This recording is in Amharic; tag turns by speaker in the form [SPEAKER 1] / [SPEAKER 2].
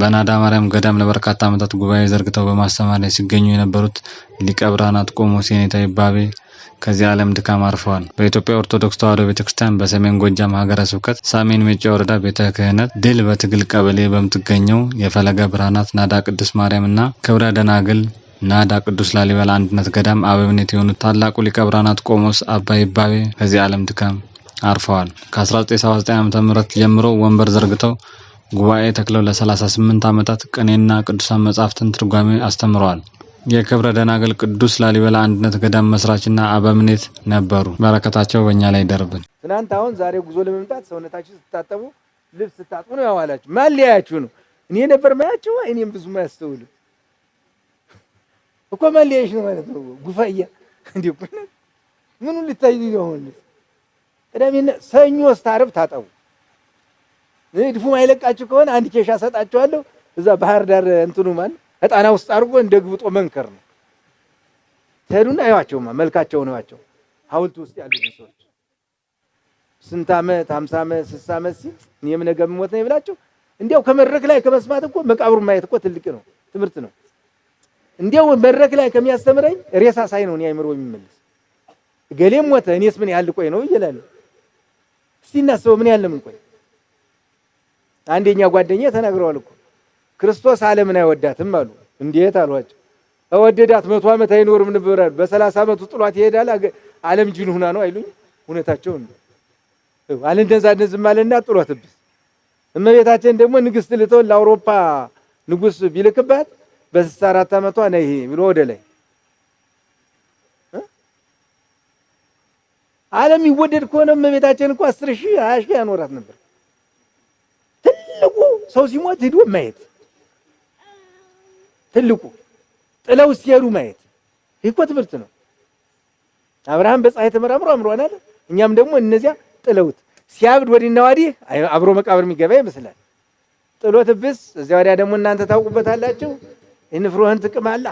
[SPEAKER 1] በናዳ ማርያም ገዳም ለበርካታ ዓመታት ጉባኤ ዘርግተው በማስተማር ላይ ሲገኙ የነበሩት ሊቀ ብርሃናት ቆሞስ የኔታ ይባቤ ከዚህ ዓለም ድካም አርፈዋል። በኢትዮጵያ ኦርቶዶክስ ተዋሕዶ ቤተ ክርስቲያን በሰሜን ጎጃም ሀገረ ስብከት ሰሜን ሜጫ ወረዳ ቤተ ክህነት ድል በትግል ቀበሌ በምትገኘው የፈለገ ብርሃናት ናዳ ቅድስት ማርያም እና ክብረ ደናግል ናዳ ቅዱስ ላሊበላ አንድነት ገዳም አበምኔት የሆኑት ታላቁ ሊቀ ብርሃናት ቆሞስ አባ ይባቤ ከዚህ ዓለም ድካም አርፈዋል። ከ1979 ዓ.ም ጀምሮ ወንበር ዘርግተው ጉባኤ ተክለው ለ38 ዓመታት ቅኔና ቅዱሳን መጻሕፍትን ትርጓሜ አስተምረዋል። የክብረ ደናግል ቅዱስ ላሊበላ አንድነት ገዳም መስራችና አበምኔት ነበሩ። በረከታቸው በእኛ ላይ ይደርብን።
[SPEAKER 2] ትናንት፣ አሁን፣ ዛሬ ጉዞ ለመምጣት ሰውነታችሁ ስታጠቡ ልብስ ስታጥቡ ነው ያዋላችሁ። ማን ሊያያችሁ ነው? እኔ ነበር ማያችሁ። እኔም ብዙ አያስተውልም እኮ ማን ሊያይሽ ነው ማለት ነው። ጉፋያ እንዴ ምኑ ልታይ ይሆን? ቅዳሜና ሰኞ ስታርብ ታጠቡ። ንድፉ ማይለቃችሁ ከሆነ አንድ ኬሻ ሰጣችኋለሁ። እዛ ባህር ዳር እንትኑ ማን እጣና ውስጥ አድርጎ እንደ ግብጦ መንከር ነው። ትሄዱና አይዋቸውማ መልካቸውን አይዋቸው ሐውልቱ ውስጥ ያሉ ሰዎች ስንት ዓመት ሀምሳ ዓመት ስልሳ ዓመት ሲል እኔም ነገ የምሞት ነው ይብላቸው። እንዲያው ከመድረክ ላይ ከመስማት እኮ መቃብሩ ማየት እኮ ትልቅ ነው፣ ትምህርት ነው። እንዲያው መድረክ ላይ ከሚያስተምረኝ ሬሳ ሳይ ነው እኔ አይምሮ የሚመልስ እገሌም ሞተ እኔስ ምን ያህል ቆይ ነው ይላል። እስቲ እናስበው ምን ያህል ምን ቆይ አንደኛ ጓደኛ ተናግረዋል እኮ ክርስቶስ ዓለምን አይወዳትም አሉ። እንዴት አሏቸው። እወደዳት መቶ ዓመት አይኖርም ነበር አሉ። በሰላሳ ዓመቱ ጥሏት ይሄዳል። ዓለም ጅን ሁና ነው አይሉኝ። እውነታቸው ነው። አልንደዛ እንደዝም አለና ጥሏትብስ። እመቤታችን ደግሞ ንግስት ልትሆን ለአውሮፓ ንጉስ ቢልክባት በስልሳ አራት ዓመቷ ነይ ብሎ ወደ ላይ ዓለም ይወደድ ከሆነ እመቤታችን እኮ አስር ሺህ ሀያ ሺህ ያኖራት ነበር። ሰው ሲሞት ሂዶ ማየት ትልቁ ጥለው ሲሄዱ ማየት ይኮ ትምህርት ነው። አብርሃም በፀሐይ ተመራምሮ አምሯን አለ። እኛም ደግሞ እነዚያ ጥለውት ሲያብድ ወዲና ወዲህ አብሮ መቃብር የሚገባ ይመስላል። ጥሎት ብስ እዚያ ወዲያ ደግሞ እናንተ ታውቁበታላችሁ። እንፍሮህን ትቅማለህ